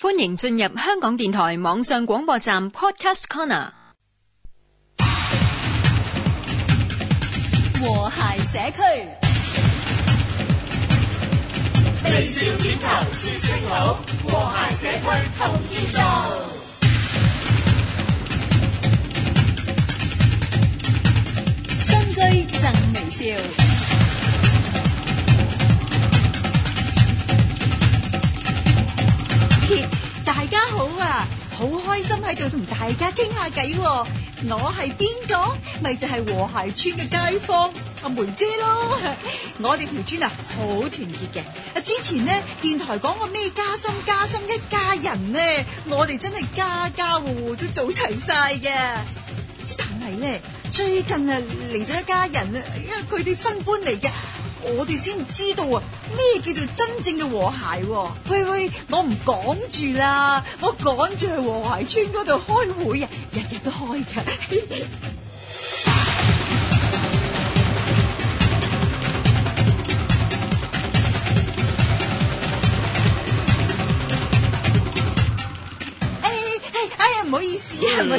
歡迎進入香港電台網上廣播站 Podcast Corner，和諧社區，微笑點頭說聲好，和諧社區同建造。喺度同大家傾下偈，我係邊個？咪就係、是、和諧村嘅街坊阿梅姐咯。 我哋條村啊，好團結嘅。啊，之前咧電台講過咩加薪加薪一家人咧，我哋真係家家戶戶都做齊晒嘅。但係咧，最近啊嚟咗一家人啊，因為佢哋新搬嚟嘅。我哋先知道啊，咩叫做真正嘅和諧？喂喂，我唔講住啦，我趕住去和諧村度開會啊，日日都開嘅。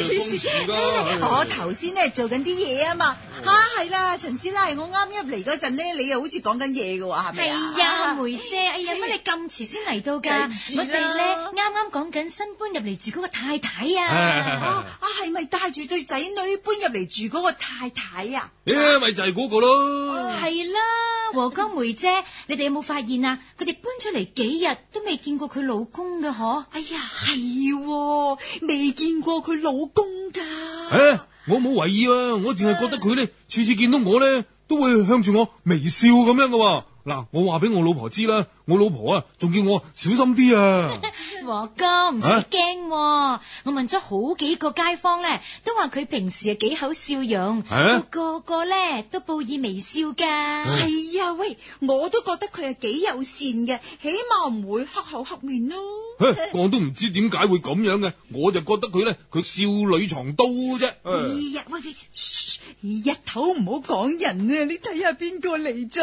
你呢、嗯、我頭先咧做緊啲嘢啊嘛，吓係、嗯啊、啦，陳師奶，我啱入嚟嗰陣咧，你又好似講緊嘢嘅喎，係咪啊？梅姐，哎呀，乜你咁遲先嚟到㗎？我哋咧啱啱講緊新搬入嚟住嗰個太太啊，哎、呀啊係咪、啊、帶住對仔女搬入嚟住嗰個太太啊？誒咪、哎、就係、是、嗰個咯，係、哦、啦。和江梅姐，你哋有冇發現啊？佢哋搬出嚟幾日都未見過佢老公嘅，嗬，哎呀，係喎，未見過佢老公噶。誒、哎，我冇為意啊，我淨係覺得佢咧，次次見到我咧，都會向住我微笑咁樣嘅。嗱，我話俾我老婆知啦。我老婆啊，仲叫我小心啲啊！和 哥唔使驚，喔啊、我問咗好幾個街坊咧，都話佢平時係幾口笑容，啊、個個咧都報以微笑噶。係啊、哎，喂，我都覺得佢係幾友善嘅，起碼唔會黑口黑面咯。我 哎、都唔知點解會咁樣嘅，我就覺得佢咧，佢少女藏刀啫、哎哎哎哎。哎呀，喂，日頭唔好講人啊！你睇下邊個嚟咗？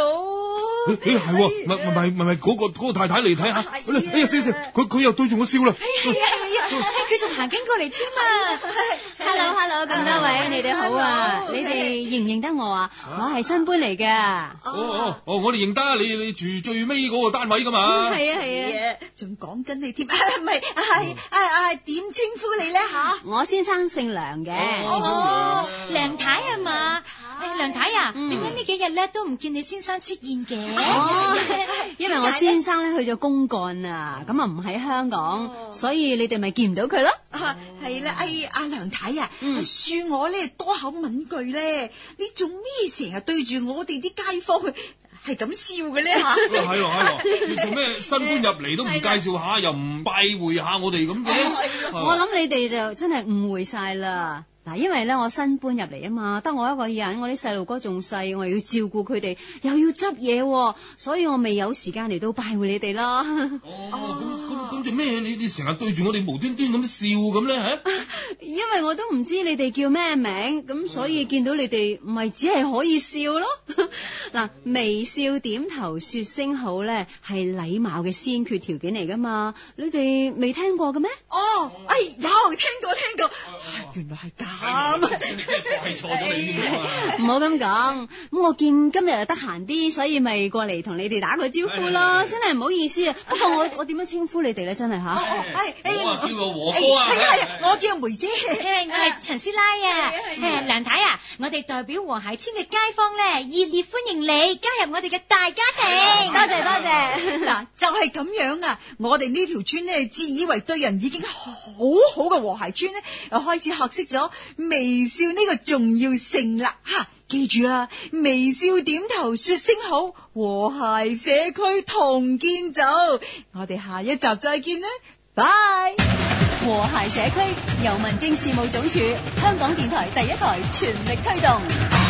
誒，係喎、 哎，唔係唔係係個個太太嚟睇下，哎呀，先生，佢佢又對住我笑啦，係啊係啊，佢仲行經過嚟添啊，hello hello，咁多位，你哋好啊，你哋認唔認得我啊？我係新搬嚟嘅，哦哦，我哋認得，你你住最尾嗰個單位噶嘛？係啊係啊，仲講緊你添，唔係，係係點稱呼你咧吓？我先生姓梁嘅，梁太啊嘛。梁太啊，點解呢幾日咧都唔見你先生出現嘅？因為我先生咧去咗公幹啊，咁啊唔喺香港，所以你哋咪見唔到佢咯。係啦，哎，阿梁太啊，恕我咧多口問句咧，你做咩成日對住我哋啲街坊係咁笑嘅咧？係咯係咯，做咩新官入嚟都唔介紹下，又唔拜會下我哋咁嘅？我諗你哋就真係誤會晒啦。嗱，因為咧，我新搬入嚟啊嘛，得我一個人，我啲細路哥仲細，我又要照顧佢哋，又要執嘢，所以我未有時間嚟到拜會你哋咯。哦，哦、啊，咁咁咁，做咩？你你成日對住我哋無端端咁笑咁咧嚇？因為我都唔知你哋叫咩名，咁、嗯、所以見到你哋唔係只係可以笑咯。嗱、啊，微笑點頭説聲好咧，係禮貌嘅先決條件嚟噶嘛？你哋未聽過嘅咩？哦，哦、哎。原來係咁，即係怪錯咗。唔好咁講，咁我見今日又得閒啲，所以咪過嚟同你哋打個招呼咯。真係唔好意思啊，不過我我點樣稱呼你哋咧？真係吓，我叫個和哥啊，係啊係，我叫梅姐，我係陳師奶啊，梁太啊，我哋代表和諧村嘅街坊咧，熱烈歡迎你加入我哋嘅大家庭。多謝多謝。嗱就係咁樣啊，我哋呢條村呢，自以為對人已經好好嘅和諧村呢，又開始學。識咗微笑呢個重要性啦，吓、啊、記住啊！微笑點頭說聲好，和諧社區同建造，我哋下一集再見啦，拜！和諧社區由民政事務總署、香港電台第一台全力推動。